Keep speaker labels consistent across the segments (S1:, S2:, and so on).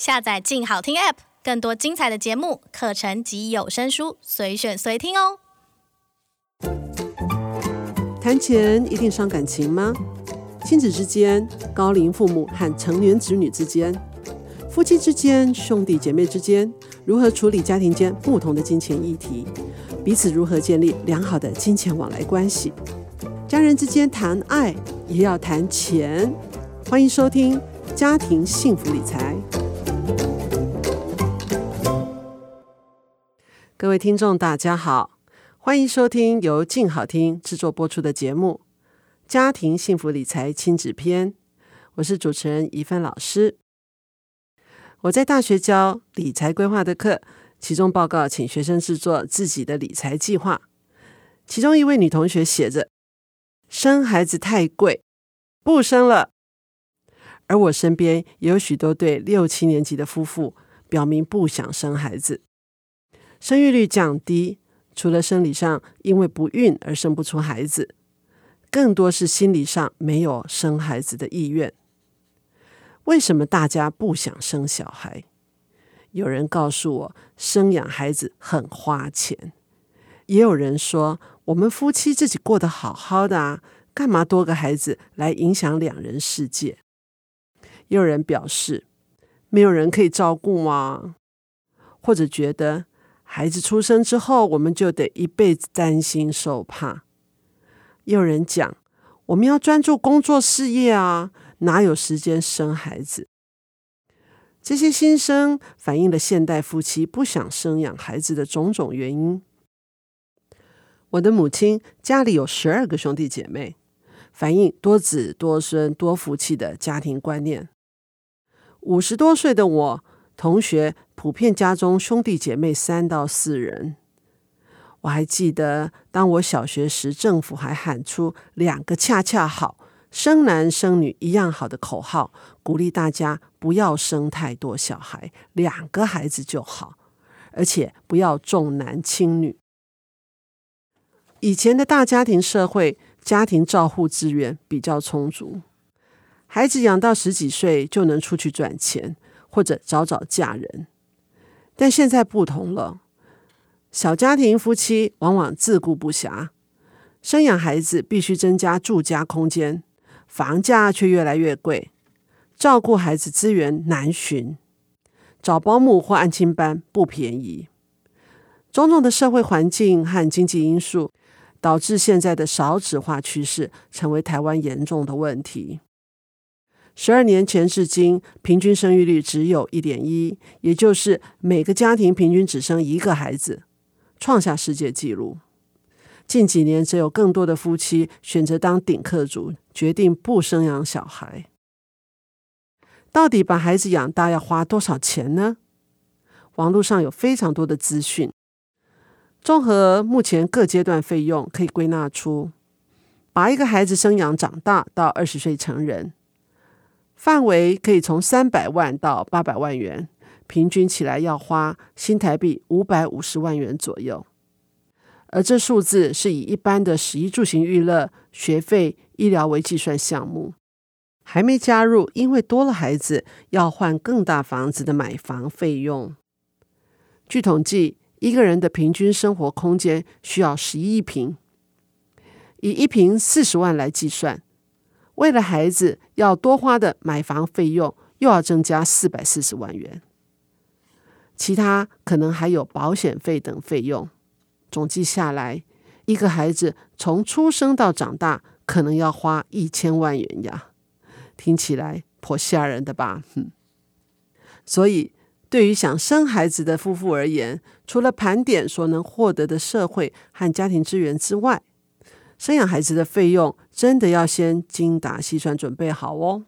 S1: 下載“靜好聽 ”App，更多精彩的節目、課程及有聲書，隨選隨聽哦。談錢一定傷感情嗎？親子之間、高齡父母和成年子女之間、夫妻之間、兄弟姐妹之間，如何處理家庭間不同的金錢議題？彼此如何建立良好的金錢往來關係？家人之間談愛也要談錢？歡迎收聽《家庭幸福理財》。各位聽眾，大家好，歡迎收聽由靜好聽制作播出的節目《家庭幸福理財親子篇》，我是主持人怡芬老師。我在大學教理財規劃的課，其中報告請學生製作自己的理財計劃。其中一位女同學寫着：“生孩子太貴，不生了。”而我身邊也有許多對六七年級的夫婦表明不想生孩子。生育率降低，除了生理上因為不孕而生不出孩子，更多是心理上沒有生孩子的意願。為什麼大家不想生小孩？有人告訴我，生養孩子很花錢；也有人說，我們夫妻自己過得好好的啊，幹嘛多個孩子來影響兩人世界？也有人表示，沒有人可以照顧啊，或者覺得，孩子出生之後，我們就得一輩子擔心受怕。有人講，我們要專注工作事業啊，哪有時間生孩子？這些心聲反映了現代夫妻不想生養孩子的種種原因。我的母親家裡有十二個兄弟姐妹，反映多子多孫多福氣的家庭觀念。五十多歲的我，同學。普遍家中兄弟姐妹三到四人。我還記得，當我小學時，政府還喊出“兩個恰恰好，生男生女一樣好”的口號，鼓勵大家不要生太多小孩，兩個孩子就好，而且不要重男輕女。以前的大家庭社會，家庭照護資源比較充足，孩子養到十幾歲就能出去賺錢，或者早早嫁人。但現在不同了，小家庭夫妻往往自顧不暇，生養孩子必須增加住家空間，房價卻越來越貴，照顧孩子資源難尋，找保姆或安親班不便宜，種種的社會環境和經濟因素，導致現在的少子化趨勢成為台灣嚴重的問題。十二年前至今，平均生育率只有一點一，也就是每個家庭平均只生一個孩子，創下世界紀錄。近幾年，則有更多的夫妻選擇當頂客族，決定不生養小孩。到底把孩子養大要花多少錢呢？網絡上有非常多的資訊，綜合目前各階段費用，可以歸納出，把一個孩子生養長大到二十歲成人。範圍可以從三百萬到八百萬元，平均起來要花新台幣五百五十萬元左右。而這數字是以一般的食衣住行、娛樂、學費、醫療為計算項目，還沒加入因為多了孩子要換更大房子的買房費用。據統計，一個人的平均生活空間需要十一平，以一平四十萬來計算。為了孩子要多花的買房費用，又要增加四百四十萬元，其他可能還有保險費等費用，總計下來，一個孩子從出生到長大，可能要花一千萬元呀，聽起來頗嚇人的吧？哼、嗯。所以，對於想生孩子的夫婦而言，除了盤點所能獲得的社會和家庭資源之外，生養孩子的費用真的要先精打細算準備好哦。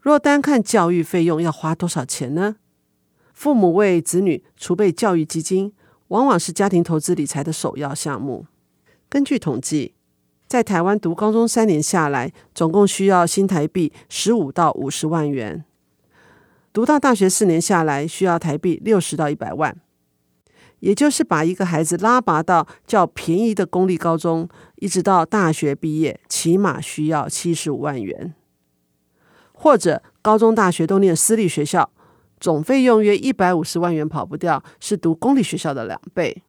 S1: 若單看教育費用要花多少錢呢？父母為子女儲備教育基金，往往是家庭投資理財的首要項目。根據統計，在台灣讀高中三年下來，總共需要新台幣十五到五十萬元；讀到大學四年下來，需要台幣六十到一百萬。也就是把一個孩子拉拔到較便宜的公立高中，一直到大學畢業，起碼需要七十五萬元；或者高中、大學都念私立學校，總費用約一百五十萬元，跑不掉，是讀公立學校的兩倍。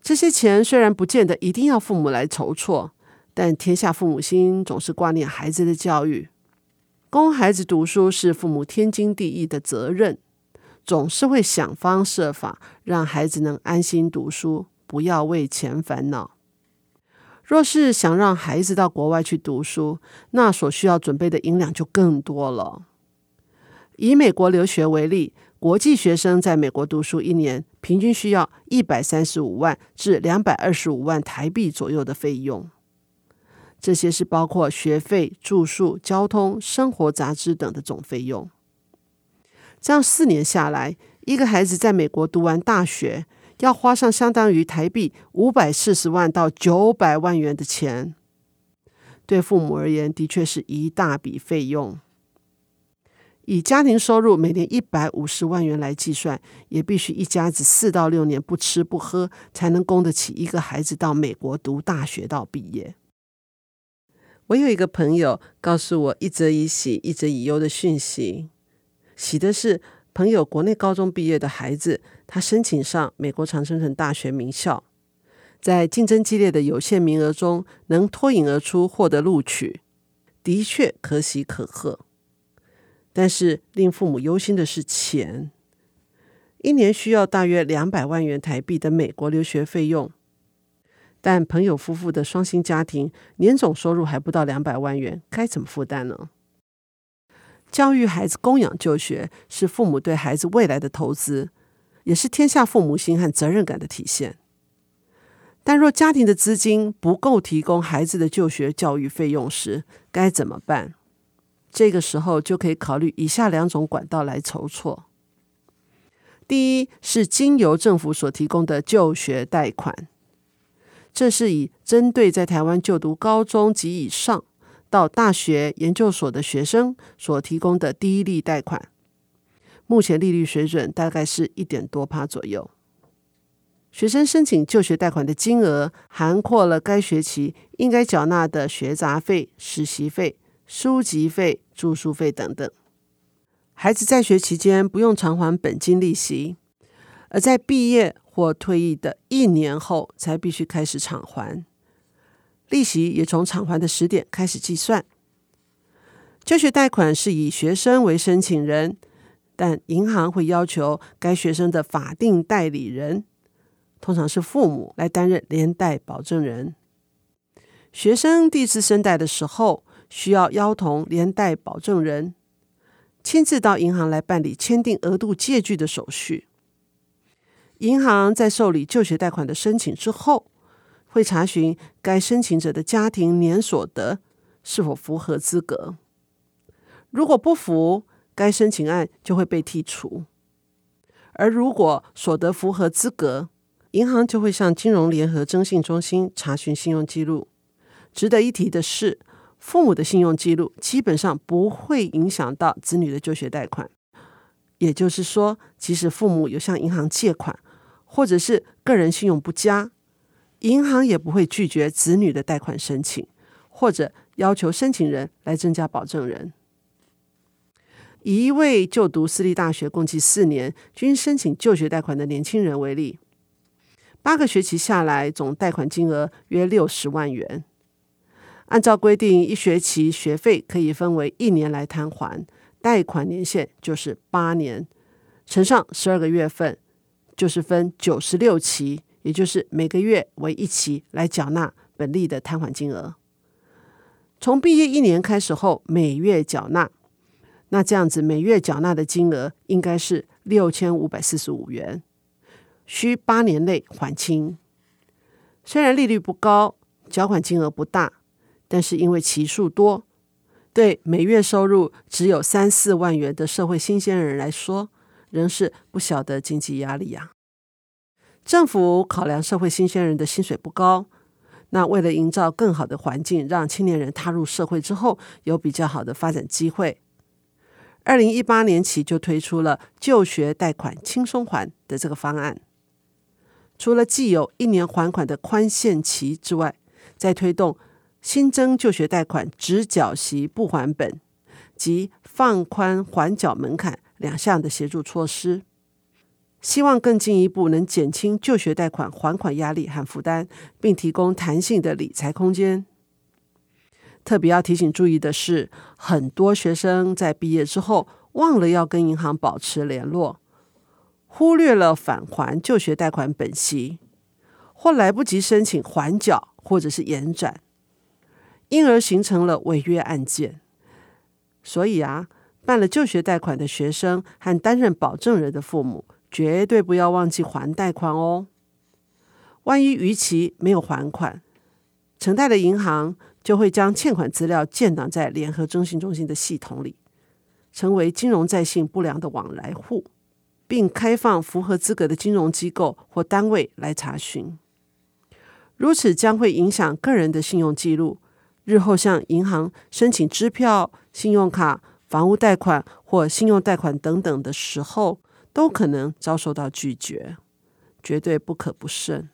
S1: 這些錢雖然不見得一定要父母來籌措，但天下父母心，總是掛念孩子的教育，供孩子讀書是父母天經地義的責任。總是會想方設法讓孩子能安心讀書，不要為錢煩惱。若是想讓孩子到國外去讀書，那所需要準備的銀兩就更多了。以美國留學為例，國際學生在美國讀書一年，平均需要一百三十五萬至兩百二十五萬台幣左右的費用。這些是包括學費、住宿、交通、生活、雜支等的總費用。這樣四年下來，一個孩子在美國讀完大學，要花上相當於台幣五百四十萬到九百萬元的錢。對父母而言，的確是一大筆費用。以家庭收入每年一百五十萬元來計算，也必須一家子四到六年不吃不喝，才能供得起一個孩子到美國讀大學到畢業。我有一個朋友，告訴我一則以喜，一則以憂的訊息。喜的是，朋友國內高中畢業的孩子，他申請上美國常春藤大學名校，在競爭激烈的有限名額中能脫穎而出獲得錄取，的確可喜可賀。但是令父母憂心的是錢，一年需要大約兩百萬元台幣的美國留學費用，但朋友夫婦的雙薪家庭年總收入還不到兩百萬元，該怎麼負擔呢？教育孩子、供養就學是父母對孩子未來的投資，也是天下父母心和責任感的體現。但若家庭的資金不夠提供孩子的就學教育費用時，該怎麼辦？這個時候就可以考慮以下兩種管道來籌措。第一是經由政府所提供的就學貸款，這是以針對在台灣就讀高中及以上。到大學研究所的學生所提供的低利率貸款，目前利率水準大概是一點多趴左右。學生申請就學貸款的金額，涵蓋了該學期應該繳納的學雜費、實習費、書籍費、住宿費等等。孩子在學期間不用償還本金利息，而在畢業或退役的一年後才必須開始償還。利息也從償還的時點開始計算。就學貸款是以學生為申請人，但銀行會要求該學生的法定代理人，通常是父母，來擔任連帶保證人。學生第一次申貸的時候，需要邀同連帶保證人親自到銀行來辦理簽訂額度借據的手續。銀行在受理就學貸款的申請之後，會查詢該申請者的家庭年所得是否符合資格。如果不符，該申請案就會被剔除；而如果所得符合資格，銀行就會向金融聯合徵信中心查詢信用記錄。值得一提的是，父母的信用記錄基本上不會影響到子女的就學貸款。也就是說，即使父母有向銀行借款，或者是個人信用不佳。銀行也不會拒絕子女的貸款申請，或者要求申請人來增加保證人。以一位就讀私立大學共計四年、均申請就學貸款的年輕人為例，八個學期下來，總貸款金額約六十萬元。按照規定，一學期學費可以分為一年來攤還，貸款年限就是八年，乘上十二個月份，就是分九十六期。也就是每個月為一期來繳納本利的攤還金額，從畢業一年開始後每月繳納，那這樣子每月繳納的金額應該是六千五百四十五元，需八年內還清。雖然利率不高，繳款金額不大，但是因為期數多，對每月收入只有三四萬元的社會新鮮人來說，仍是不小的經濟壓力呀、啊。政府考量社會新鮮人的薪水不高，那為了營造更好的環境，讓青年人踏入社會之後有比較好的發展機會，二零一八年起就推出了就學貸款輕鬆還的這個方案。除了既有一年還款的寬限期之外，再推動新增就學貸款只繳息不還本及放寬還繳，繳，繳門，門檻兩項的協助措施。希望更進一步能減輕就學貸款還款壓力和負擔，並提供彈性的理財空間。特別要提醒注意的是，很多學生在畢業之後忘了要跟銀行保持聯絡，忽略了返還就學貸款本息，或來不及申請緩繳或者是延展，因而形成了違約案件。所以啊，辦了就學貸款的學生和擔任保證人的父母，絕對不要忘記還貸款哦！萬一逾期沒有還款，承貸的銀行就會將欠款資料建檔在聯合徵信中心的系統裡，成為金融徵信不良的往來戶，並開放符合資格的金融機構或單位來查詢。如此將會影響個人的信用記錄，日後向銀行申請支票、信用卡、房屋貸款或信用貸款等等的時候，都可能遭受到拒絕，絕對不可不慎。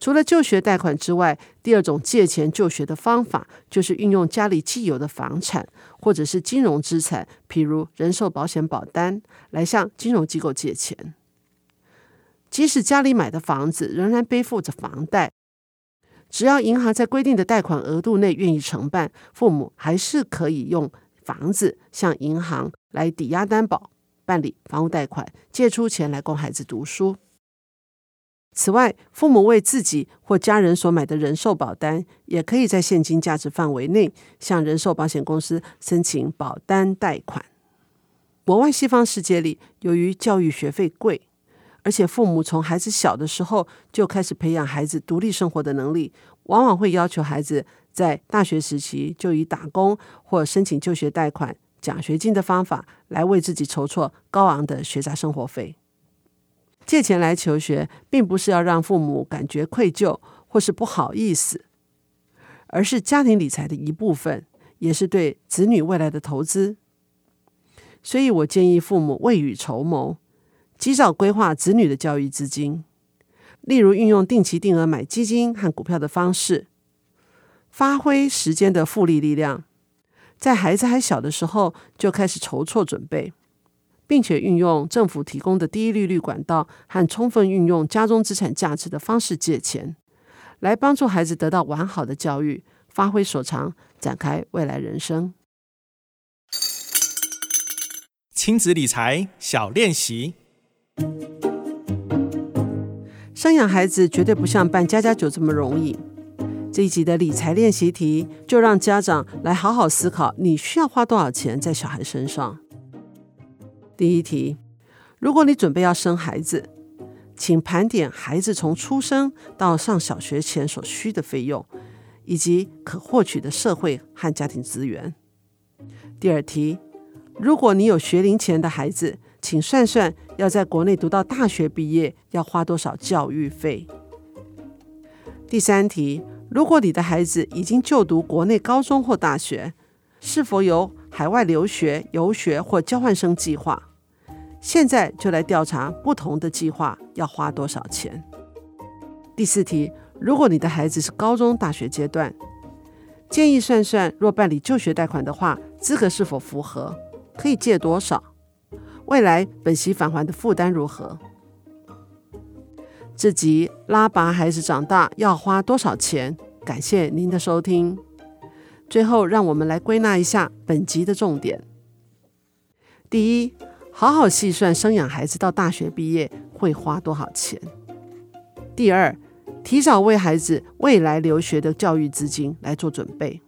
S1: 除了就學貸款之外，第二種借錢就學的方法，就是運用家裡既有的房產或者是金融資產，譬如人壽保險保單，來向金融機構借錢。即使家裡買的房子仍然背負着房貸，只要銀行在規定的貸款額度內願意承辦，父母還是可以用房子向銀行來抵押擔保。辦理房屋貸款，借出錢來供孩子讀書。此外，父母為自己或家人所買的人壽保單，也可以在現金價值範圍內向人壽保險公司申請保單貸款。國外西方世界裡，由於教育學費貴，而且父母從孩子小的時候就開始培養孩子獨立生活的能力，往往會要求孩子在大學時期就以打工或申請就學貸款獎學金的方法來為自己籌措高昂的學雜生活費，借錢來求學，並不是要讓父母感覺愧疚或是不好意思，而是家庭理財的一部分，也是對子女未來的投資。所以，我建議父母未雨綢繆，及早規劃子女的教育資金，例如運用定期定額買基金和股票的方式，發揮時間的複利力量。在孩子還小的時候就開始籌措準備，並且運用政府提供的低利率管道和充分運用家中資產價值的方式借錢，來幫助孩子得到完好的教育，發揮所長，展開未來人生。親子理財小練習：生養孩子絕對不像辦家家酒這麼容易。這一集的理財練習題，就讓家長來好好思考：你需要花多少錢在小孩身上？第一題：如果你準備要生孩子，請盤點孩子從出生到上小學前所需的費用，以及可獲取的社會和家庭資源。第二題：如果你有學齡前的孩子，請算算要在國內讀到大學畢業要花多少教育費。第三題。如果你的孩子已經就讀國內高中或大學，是否有海外留學、遊學或交換生計劃？現在就來調查不同的計劃要花多少錢。第四題：如果你的孩子是高中、大學階段，建議算算若辦理就學貸款的話，資格是否符合？可以借多少？未來本息返還的負擔如何？這集拉拔孩子長大要花多少錢？感謝您的收聽。最後，讓我們來歸納一下本集的重點：第一，好好細算生養孩子到大學畢業會花多少錢；第二，提早為孩子未來留學的教育資金來做準備；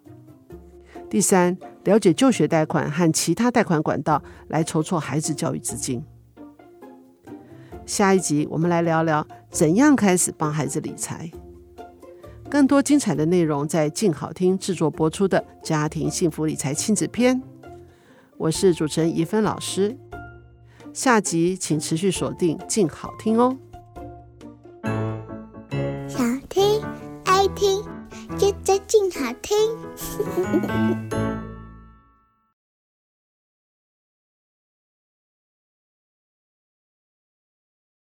S1: 第三，了解就學貸款和其他貸款管道來籌措孩子教育資金。下一集我們來聊聊怎樣開始幫孩子理財。更多精彩的內容在靜好聽製作播出的《家庭幸福理財親子篇》，我是主持人怡芬老師。下集請持續鎖定靜好聽哦。